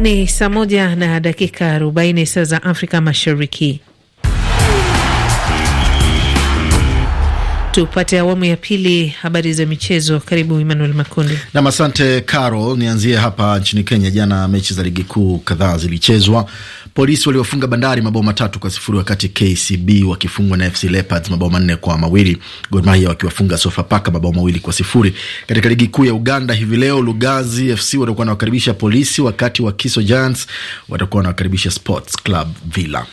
Ni saa moja na dakika arobaini saa za Afrika Mashariki. tupate awamu ya pili, habari za michezo. Karibu Emmanuel Makundi. Nam, asante Carol. Nianzie hapa nchini Kenya. Jana mechi za ligi kuu kadhaa zilichezwa. Polisi waliofunga Bandari mabao matatu kwa sifuri, wakati KCB wakifungwa na FC Leopards mabao manne kwa mawili, Gor Mahia wakiwafunga Sofapaka mabao mawili kwa sifuri. Katika ligi kuu ya Uganda hivi leo, Lugazi FC watakuwa wanawakaribisha Polisi, wakati wa Kiso Giants watakuwa wanawakaribisha Sports Club Villa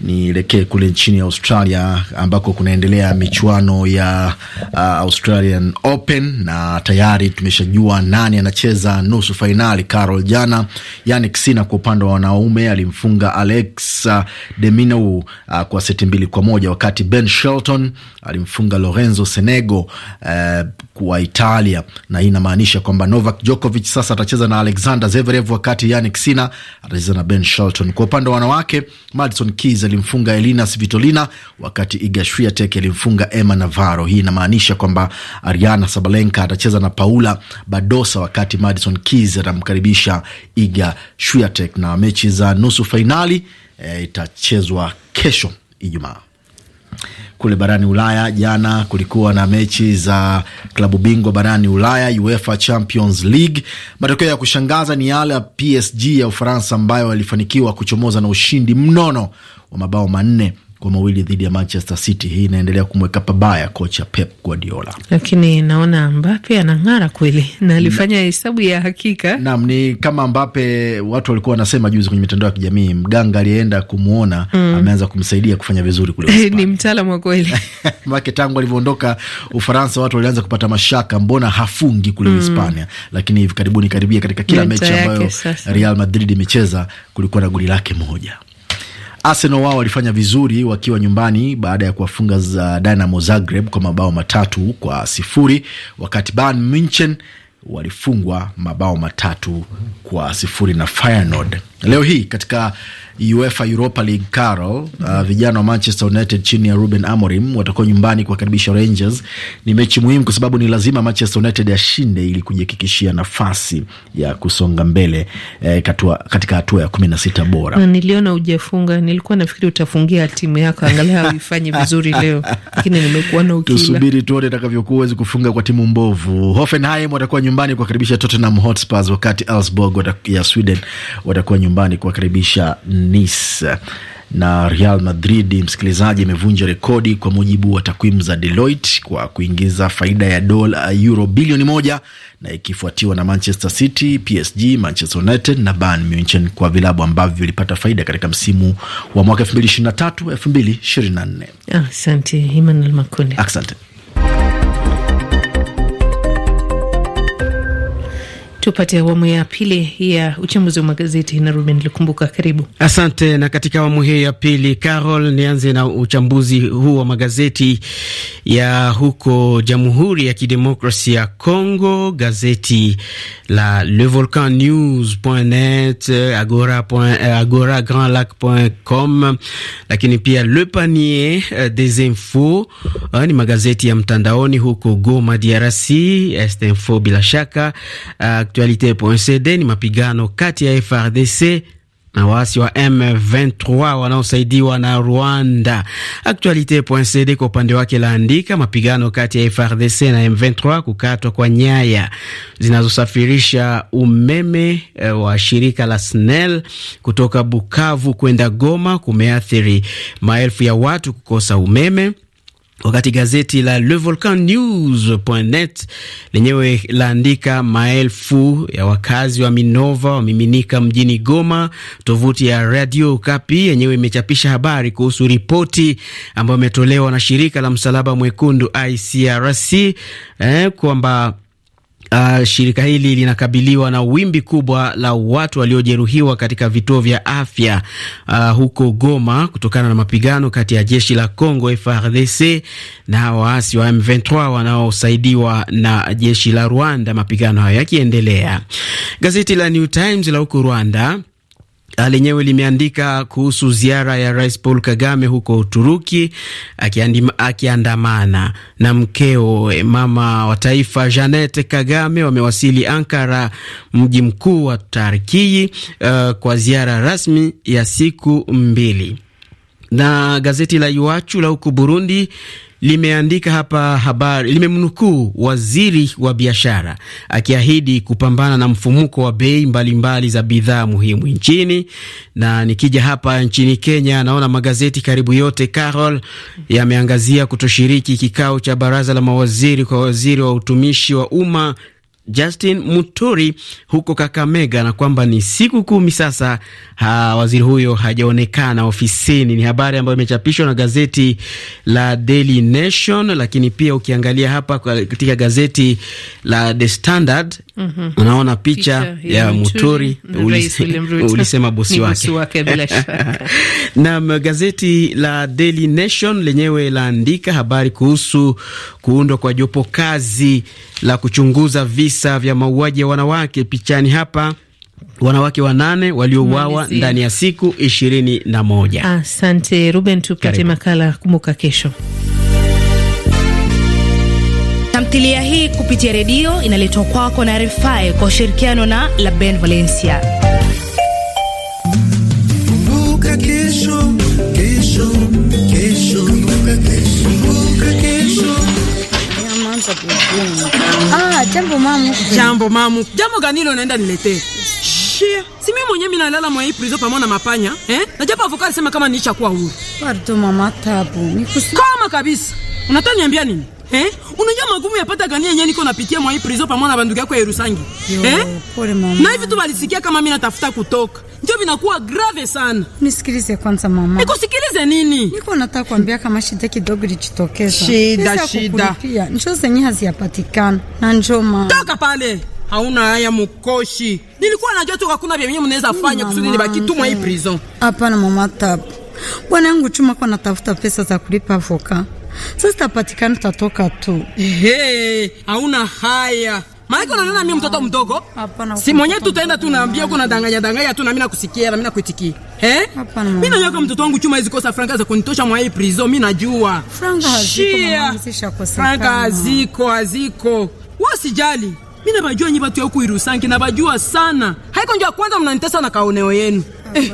nielekee kule nchini Australia ambako kunaendelea michuano ya uh, Australian Open na tayari tumeshajua nani anacheza nusu fainali. Carol jana, yani Sinner kwa upande wa wanaume alimfunga Alex uh, de Demino uh, kwa seti mbili kwa moja wakati Ben Shelton alimfunga Lorenzo Senego uh, kuwa Italia, na hii inamaanisha kwamba Novak Djokovic sasa atacheza na Alexander Zverev, wakati Jannik Sinner atacheza na Ben Shelton. Kwa upande wa wanawake, Madison Keys alimfunga Elina Svitolina, wakati Iga Swiatek alimfunga Emma Navarro. Hii inamaanisha kwamba Ariana Sabalenka atacheza na Paula Badosa, wakati Madison Keys atamkaribisha Iga Swiatek, na mechi za nusu fainali e, eh, itachezwa kesho Ijumaa kule barani Ulaya. Jana kulikuwa na mechi za klabu bingwa barani Ulaya, UEFA Champions League. Matokeo ya kushangaza ni yale ya PSG ya Ufaransa ambayo walifanikiwa kuchomoza na ushindi mnono wa mabao manne kwa mawili dhidi ya Manchester City. Hii inaendelea kumweka pabaya kocha Pep Guardiola, lakini naona Mbape anang'ara kweli na alifanya hesabu ya hakika. Naam, ni kama Mbape watu walikuwa wanasema juzi kwenye mitandao ya kijamii, mganga alienda kumwona mm, ameanza kumsaidia kufanya vizuri kule ni mtaalamu wa kweli make tangu alivyoondoka Ufaransa watu walianza kupata mashaka, mbona hafungi kule Hispania? Mm, lakini hivi karibuni karibia katika kila mechi ambayo Real Madrid imecheza kulikuwa na goli lake moja. Arsenal wao walifanya vizuri wakiwa nyumbani baada ya kuwafunga za Dynamo Zagreb kwa mabao matatu kwa sifuri wakati Bayern Munchen walifungwa mabao matatu kwa sifuri na Feyenoord. Leo hii katika UEFA Europa League Carol. Uh, vijana wa Manchester United chini ya Ruben Amorim watakuwa nyumbani kuwakaribisha Rangers. Ni mechi muhimu kwa sababu ni lazima Manchester United yashinde ili kujihakikishia nafasi ya kusonga mbele eh, katua, katika hatua ya kumi na sita bora. niliona ujafunga, nilikuwa nafikiri utafungia timu yako angalau ifanye vizuri leo, lakini nimekuona ukila. Tusubiri tuone itakavyokuwa, huwezi kufunga kwa timu mbovu. Hoffenheim watakuwa nyumbani kuwakaribisha Tottenham Hotspurs, wakati Elfsborg ya Sweden watakuwa nyumbani kuwakaribisha Nice na Real Madrid, msikilizaji, imevunja rekodi kwa mujibu wa takwimu za Deloitte kwa kuingiza faida ya dola euro bilioni moja na ikifuatiwa na Manchester City, PSG, Manchester United na Bayern Munich kwa vilabu ambavyo vilipata faida katika msimu wa mwaka 2023 2024. Ah, asante. tupate awamu ya pili ya uchambuzi wa magazeti na Ruben Likumbuka. Karibu. Asante. Na katika awamu hiyo ya pili, Carol, nianze na uchambuzi huu wa magazeti ya huko Jamhuri ya Kidemokrasia ya Congo. Gazeti la Le Volcan News agora, agora Grand lakini pia Le Panier eh, des Infos eh, ni magazeti ya mtandaoni huko Goma, DRC, Info bila shaka uh, Actualite.cd ni mapigano kati ya FRDC na waasi wa M23 wanaosaidiwa na Rwanda. Actualite.cd kwa upande wake laandika mapigano kati ya FRDC na M23, kukatwa kwa nyaya zinazosafirisha umeme eh, wa shirika la SNEL kutoka Bukavu kwenda Goma kumeathiri maelfu ya watu kukosa umeme. Wakati gazeti la Le Volcan News.net lenyewe laandika maelfu ya wakazi wa Minova wamiminika mjini Goma. Tovuti ya Radio Kapi yenyewe imechapisha habari kuhusu ripoti ambayo imetolewa na shirika la Msalaba Mwekundu ICRC eh, kwamba Uh, shirika hili linakabiliwa na wimbi kubwa la watu waliojeruhiwa katika vituo vya afya uh, huko Goma kutokana na mapigano kati ya jeshi la Congo frdc na waasi wa M23 wanaosaidiwa na jeshi la Rwanda, mapigano hayo yakiendelea. Gazeti la New Times la huko Rwanda Ah, lenyewe limeandika kuhusu ziara ya Rais Paul Kagame huko Uturuki akiandamana na mkeo eh, mama wa taifa Janet Kagame wamewasili Ankara, mji mkuu wa Tarkii, uh, eh, kwa ziara rasmi ya siku mbili na gazeti la Iwachu la huko Burundi limeandika hapa habari, limemnukuu waziri wa biashara akiahidi kupambana na mfumuko wa bei mbalimbali za bidhaa muhimu nchini. Na nikija hapa nchini Kenya, naona magazeti karibu yote Carol, yameangazia kutoshiriki kikao cha baraza la mawaziri kwa waziri wa utumishi wa umma Justin Muturi huko Kakamega, na kwamba ni siku kumi sasa ha, waziri huyo hajaonekana ofisini. Ni habari ambayo imechapishwa na gazeti la Daily Nation, lakini pia ukiangalia hapa katika gazeti la The Standard mm -hmm. unaona picha, picha ya Muturi, Muturi. ulisema bosi wake, wake na gazeti la Daily Nation lenyewe laandika habari kuhusu kuundwa kwa jopo kazi la kuchunguza visa vya mauaji ya wanawake. Pichani hapa wanawake wanane waliouawa ndani ya siku ishirini na moja. Asante Ruben, tupate makala Kumbuka Kesho. Tamthilia hii kupitia redio inaletwa kwako na RFI kwa ushirikiano na La Ben Valencia. Ah, jambo mamu. Jambo mamu. Jambo gani hilo naenda niletee? Shia. Si mimi mwenyewe mimi nalala mwa hii prison pamoja na mapanya, eh? Na japo avoka alisema kama niisha kuwa huru. Pardon mama, tabu. Nikusi. Kama kabisa. Unataka niambia nini? Eh? Unajua magumu yapata gani yenyewe niko napitia mwa hii prison pamoja na banduki yako ya Rusangi. Eh? Pole mama. Na hivi tu walisikia kama mimi natafuta kutoka. Ndio vinakuwa grave sana. Nisikilize kwanza mama. niko sikilize nini? Niko nataka kuambia kama shida kidogo ilijitokeza. Shida Nisa shida. pia Njoo zenyewe hazipatikana. Na njoo mama. Toka pale. Hauna haya mkoshi. Nilikuwa najua tu hakuna mimi mnaweza fanya kusudi nibaki tu mwa hii prison. Hapana mama tab. Bwana yangu chuma kwa natafuta pesa za kulipa avoka. Sasa tapatikana tutatoka tu. Ehe, hauna haya. Maiko na nani mimi mtoto mdogo? Hapana. Si mwenyewe tutaenda tu naambia uko na danganya danganya tu na mimi nakusikia na mimi nakuitikia. Eh? Hapana. Mimi najua kama mtoto wangu chuma hizo kosa franka za kunitosha mwa hii prison mimi najua. Franka haziko mwanamsisha kosa. Franka haziko haziko. sijali. Mimi nabajua nyi watu huko Irusangi nabajua sana. Haiko ndio kwanza mnanitesa na kaoneo yenu. Hapana. Eh.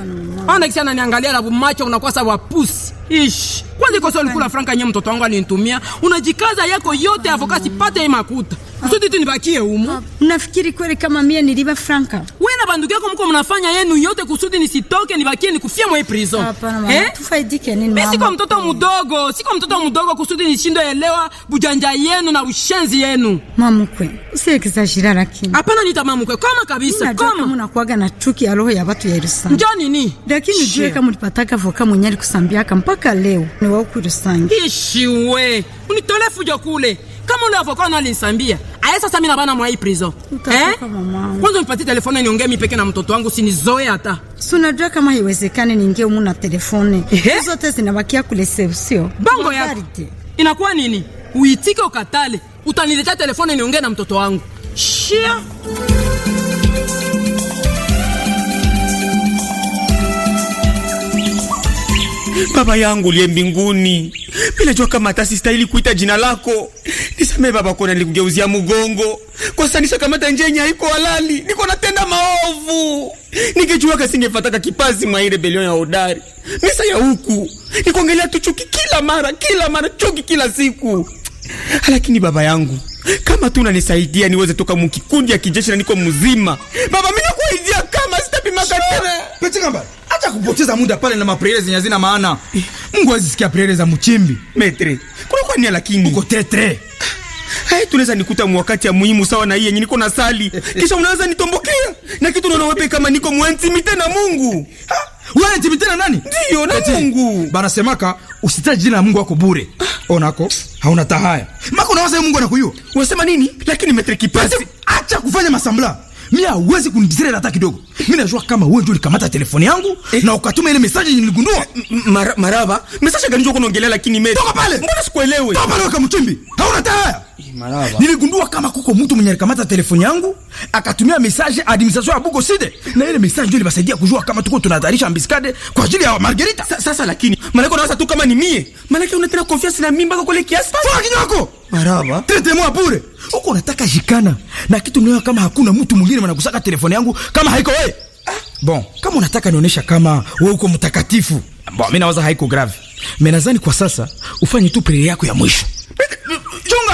Ana kisa ananiangalia na macho unakosa wapusi. Ish. Kazi kosa ulikula franka nye mtoto wangu alinitumia, unajikaza yako yote avokasi pate makuta Msote tu nibakie humo. Unafikiri kweli kama mie niliba Franka? Wewe na banduki yako mko mnafanya yenu yote kusudi nisitoke nibakie nikufie mwe prison. Hapana, eh? Tufaidike nini eh, mama? Mimi siko mtoto mdogo, siko mtoto mdogo kusudi nishindwe elewa bujanja yenu na ushenzi yenu. Mama kwe. Mamukwe, usiekizajira lakini. Hapana nita mama kwe. kama kabisa, kama kuaga na chuki ya roho ya watu ya Yerusalemu. Njoo nini? Lakini jue kama ulipataka voka mwenye alikusambia mpaka leo ni wao kurusangi. Ishiwe, Unitolefu jokule. Kama ule avokana alinisambia eh, sasa mimi na bana mwa hii prison eh, kwanza nipatie telefoni niongee mimi peke na mtoto wangu, sinizoe hata si unajua kama haiwezekani niingie humu na telefoni zote zinabakia kule save, sio bango ya inakuwa nini? Uitike ukatale, utaniletea telefoni niongee na mtoto wangu shia Baba yangu liye mbinguni mimi najua kama hata sistahili kuita jina lako. Nisamehe baba, kona nilikugeuzia mgongo. Kwa sasa nishakamata njenya haiko halali. Niko natenda maovu. kasi kasingefataka kipazi mwa belion ya hodari. Misa ya huku. Nikuongelea tu chuki kila mara, kila mara chuki kila siku. Lakini baba yangu, kama tu unanisaidia niweze toka mkikundi ya kijeshi na niko mzima. Baba mimi nakuaidia kama sitapima katana. Pete ngamba. Acha kupoteza muda pale na maprele zenye hazina maana. Mungu azisikia sikia za mchimbi. Metre. Kuna kwa nini lakini? Uko tetre. Hai tunaweza nikuta mwakati ya muhimu sawa na hii yenye niko na sali. Kisha unaweza nitombokea Na kitu unaona wewe kama niko mwentimite na Mungu. Ha? Wewe intimite na nani? Ndio na Mungu. bana semaka usitaje jina la Mungu wako bure. Onako hauna tahaya. Mako unawaza Mungu anakujua. Unasema nini? Lakini metre kipasi. Acha kufanya masambla mi awezi kunidisturb hata kidogo. Mi najua kama wewe ndio ulikamata telefoni yangu eh, na ukatuma ile message niligundua. Eh, maraba, message gani ndio unaongelea? Lakini mimi toka pale, mbona sikuelewi? Toka pale, kama mchimbi hauna taya Niligundua kama kuko mtu mwenye alikamata telefoni yangu akatumia message administration ya Bugo Side, na ile message ndio ilibasaidia kujua kama tuko tunahatarisha Ambiskade kwa ajili ya Margarita. Sa, sasa lakini maana unawaza tu kama ni mie, maana una tena confiance na mimi mpaka kule kiasi. fuck kinyoko Maraba, tete mwa bure huko, unataka jikana na kitu ninayo kama hakuna mtu mwingine mnakusaka telefoni yangu kama haiko wewe. Ah. Bon, kama unataka nionyesha kama wewe uko mtakatifu, bon, mimi naweza haiko grave. Mimi nadhani kwa sasa ufanye tu prayer yako ya mwisho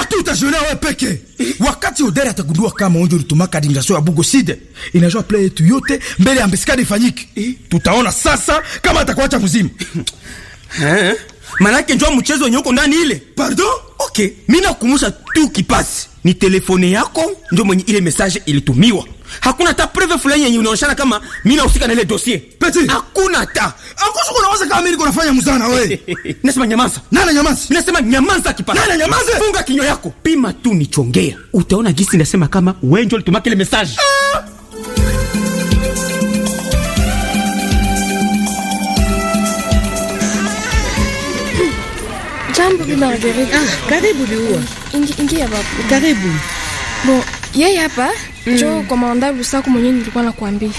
wakati utajiona wewe peke, wakati udere atagundua kama onjo ulituma kadingasio ya Bugo Side inajua play yetu yote mbele ya mbesikadi ifanyike, tutaona sasa kama atakuacha mzima eh? manake njua mchezo wenye uko ndani ile. Pardon, okay, mimi nakukumbusha tu kipasi ni telefone yako ndio mwenye ile message ilitumiwa. Hakuna hata preve fulani yenye unaonyeshana kama mimi nahusika na ile dossier. Peti. Hakuna hata. Hakusi kuna waza kama mimi niko nafanya mzana wewe. Nasema nyamaza. Nani nyamaza? nasema nyamaza kipa Nani nyamaza? Funga kinywa yako. Pima tu nichongea. Utaona gisi nasema kama wewe ndio ulitumaka ile message. Ah! Jambo Bi Margarita. Ah, karibu Liua. Ingi, ingia baba. Karibu. Bon, yeye hapa mm. Njoo kwa maandali Lusaku mwenyewe nilikuwa nakuambia.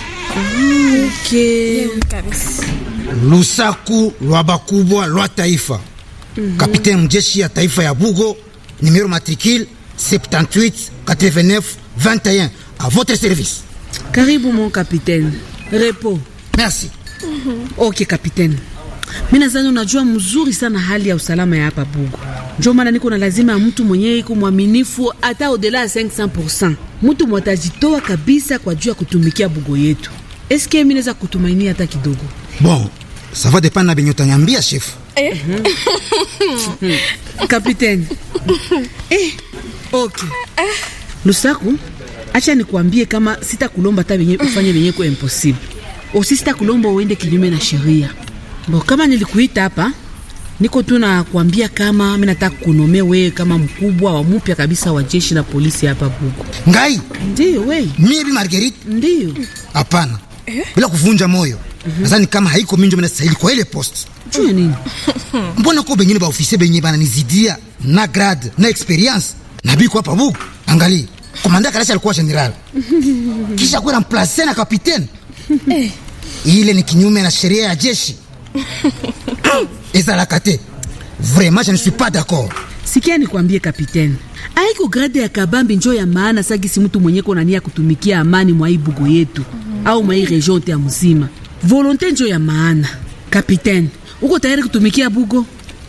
Mm, okay. Yeye kabisa. Lusaku lwa bakubwa lwa taifa. Mm -hmm. Kapitaine mjeshi ya taifa ya Bugo, numero matricule 78 89 21 à votre service. Karibu mon capitaine. Repos. Merci. Mm -hmm. OK capitaine. Mimi nadhani unajua mzuri sana hali ya usalama ya hapa Bugu, ndio maana niko na lazima ya mtu mwenye iko mwaminifu hata odela 500%. Mtu mwatajitoa kabisa kwa juu ya kutumikia Bugo yetu. Eske mimi naweza kutumainia hata kidogo? Bon, ça va dépendre na binyo tanyambia chef. Eh. Kapiteni. Mhm. Eh. Okay. Lusaku, acha nikuambie kama sitakulomba hata benye ufanye benye ko impossible. Osi sitakulomba uende kinyume na sheria. Bo, kama nilikuita hapa niko tu nakwambia kama mimi nataka kunomea wewe kama mkubwa wa mpya kabisa wa jeshi na polisi hapa Bugu. Ngai? Ndio wewe. Mimi Marguerite? Ndio. Hapana. Eh? Bila kuvunja moyo. Mhm. Nadhani kama haiko mimi ndio ninastahili kwa ile post. Jua nini? Mbona kwa bengine ba ofisi benye bana nizidia na grade na experience na biko hapa Bugu. Angalia. Komanda Karasha alikuwa general. Kisha kwa remplacer na capitaine. Eh. Ile ni kinyume na sheria ya jeshi ezalaka te vraiment je ne suis pas d'accord sikia nikwambie kapitaine aiko grade ya kabambi njo ya maana sagisi mtu mwenye kona nia kutumikia amani mwa ibugo yetu au mwa region ya muzima volonte njo ya maana kapitaine uko tayari kutumikia bugo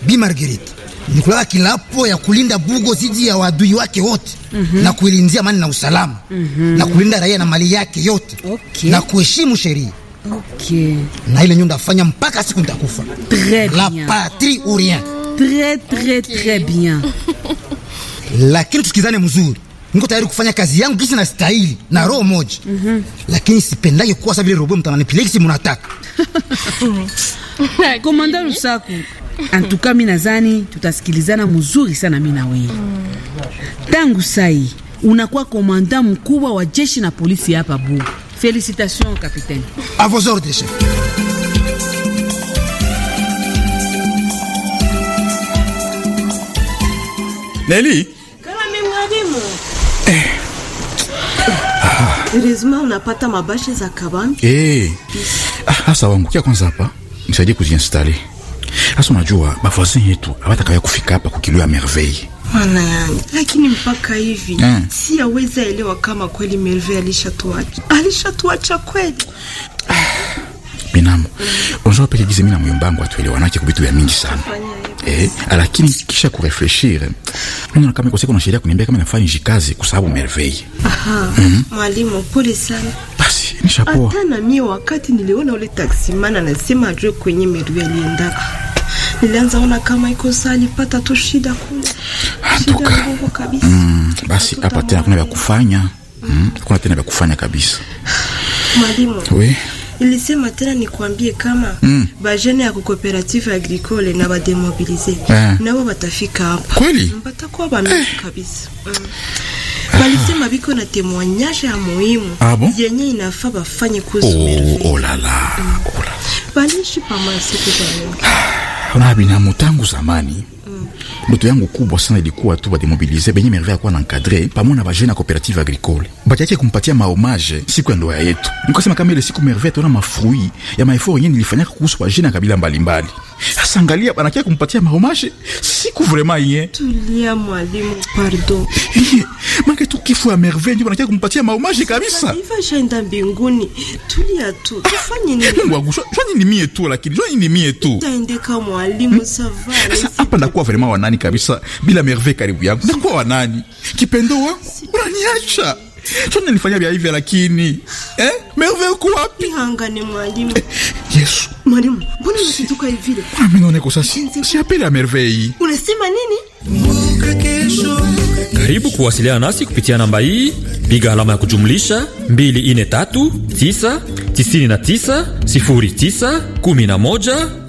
bi marguerite nikulaka kilapo ya kulinda bugo zidi ya wadui wake wote mm -hmm. na kuilinzia amani na usalama mm -hmm. na kulinda raia na mali yake yote okay. na kuheshimu sheria Okay. Na ile fanya mpaka siku nitakufa. Très bien. La patrie ou rien. Très très okay. Très bien. Lakini tukizane mzuri. Niko tayari kufanya kazi yangu kisi na stahili na roho moja. Mm -hmm. Lakini sipendaje kuwa sababu robo mtu ananipeleka kisi mnataka. Komanda Lusaku. Antuka mimi nadhani tutasikilizana mzuri sana mimi na wewe. Tangu sai unakuwa komanda mkubwa wa jeshi na polisi hapa Bugu. Félicitations, capitaine. À vos ordres, chef. Nelly eh. ah. Heureusement unapata mabashe za kabambi eh. Asa ah, ah, wangukia kwanza hapa nisaidie kuziinstale. Asa ah, unajua bavoisin yetu hawatakaya kufika hapa kukilu a merveille Mwana yangu, lakini mpaka hivi eh, si siyaweza elewa kama kweli Melve alishatuacha, alishatuacha kweli. Binamu unajua peke gize, mimi na moyo wangu atuelewanake kubitu ya mingi sana eh, lakini kisha kurefleshir, mimi na kama iko siku na sheria kuniambia kama nafanya hizi kazi kwa sababu Merveille. Aha, mhm. mwalimu, mm -hmm. pole sana. Basi nishapoa. Hata na mimi wakati niliona ule taxi man anasema ajue kwenye Merveille alienda nilianza ona kama iko saa alipata tu shida kule, ah, shida nguvu kabisa. Mm, basi hapa tena kuna vya kufanya mm, kuna tena vya kufanya kabisa mwalimu. We ilisema tena nikwambie kama mm, bajene ya cooperative agricole na bademobilize eh, nao batafika hapa kweli, mm, batakuwa bamia eh, kabisa mm. Ah. Balisema biko na temoignage ya muhimu ah yenye inafaa bafanye kuzu oh, oh, la la. Mm. Oh, la. Balishi pamasiku ona binamu tangu zamani ndoto yangu kubwa sana ilikuwa tu bademobilize benye merveille akuwa na nkadre pamo na bajene ya cooperative agricole batiaki kumpatia mahomage siku ya ndoa yetu, nikasema kama ile siku merveille tona mafruit ya maefort yenye nilifanyaka kuhusu bajene ya kabila mbalimbali mbali. Sasa angalia, banakia kumpatia mahomashi siku vrema iye. Tulia mwalimu, pardon. Maki tu kifu ya merve ndio nakia kumpatia mahomashi kabisa. Ifa shenda mbinguni. Tulia tu. Tufanye nini? Mungu wangu, shwani ni mie tu lakini, shwani ni mie tu. Taende kama mwalimu sava. Hmm? Sasa hapa nakuwa vrema wanani kabisa bila merve karibu yangu. Nakuwa wanani? Kipendo wangu, unaniacha. Shwani nilifanya vya hivya lakini. Eh? Merve uko wapi? Hanga ni mwalimu. Eh, Yesu. Mwalimu, mbona unashituka hivi vile? Ah, mimi naona sasa si apele ya merveille. Unasema nini? Karibu kuwasiliana nasi kupitia namba hii, piga alama ya kujumlisha 243 999 09 11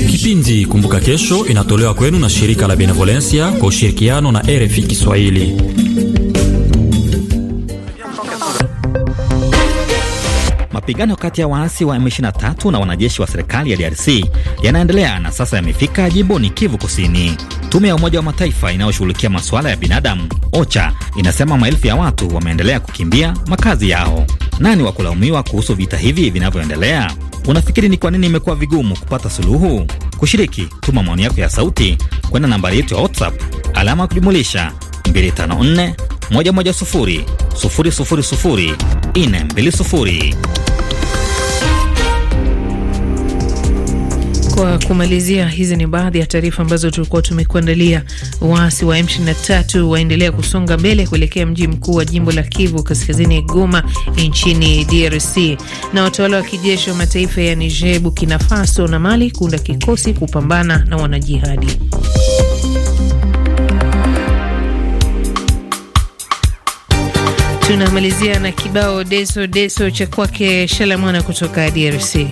Kipindi Kumbuka Kesho inatolewa kwenu na shirika la Benevolencia kwa ushirikiano na RFI Kiswahili. Mapigano kati ya waasi wa M23 na wanajeshi wa serikali ya DRC yanaendelea na sasa yamefika jimboni Kivu Kusini. Tume ya Umoja wa Mataifa inayoshughulikia masuala ya binadamu OCHA inasema maelfu ya watu wameendelea kukimbia makazi yao. Nani wa kulaumiwa kuhusu vita hivi vinavyoendelea? Unafikiri ni kwa nini imekuwa vigumu kupata suluhu? Kushiriki, tuma maoni yako ya sauti kwenda nambari yetu ya WhatsApp alama ya kujumulisha 254 110 000 420. Kwa kumalizia, hizi ni baadhi ya taarifa ambazo tulikuwa tumekuandalia. Waasi wa M23 waendelea kusonga mbele kuelekea mji mkuu wa jimbo la Kivu Kaskazini, Goma, nchini DRC, na watawala wa kijeshi wa mataifa ya Niger, Burkina Faso na Mali kuunda kikosi kupambana na wanajihadi. Tunamalizia na kibao deso deso cha kwake Shalamwana kutoka DRC.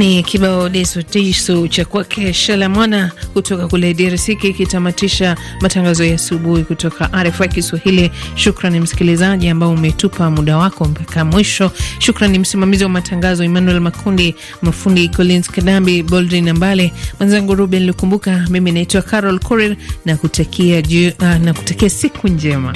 Ni kibao desu tisu cha kwake Shalamwana kutoka kule DRC kikitamatisha matangazo ya asubuhi kutoka RFI Kiswahili. Shukrani msikilizaji ambao umetupa muda wako mpaka mwisho. Shukrani msimamizi wa matangazo Emmanuel Makundi, mafundi Collins Kadambi, Boldin Ambale, mwenzangu Ruben Lukumbuka. Mimi naitwa Carol Korir na kutakia, uh, na kutakia siku njema.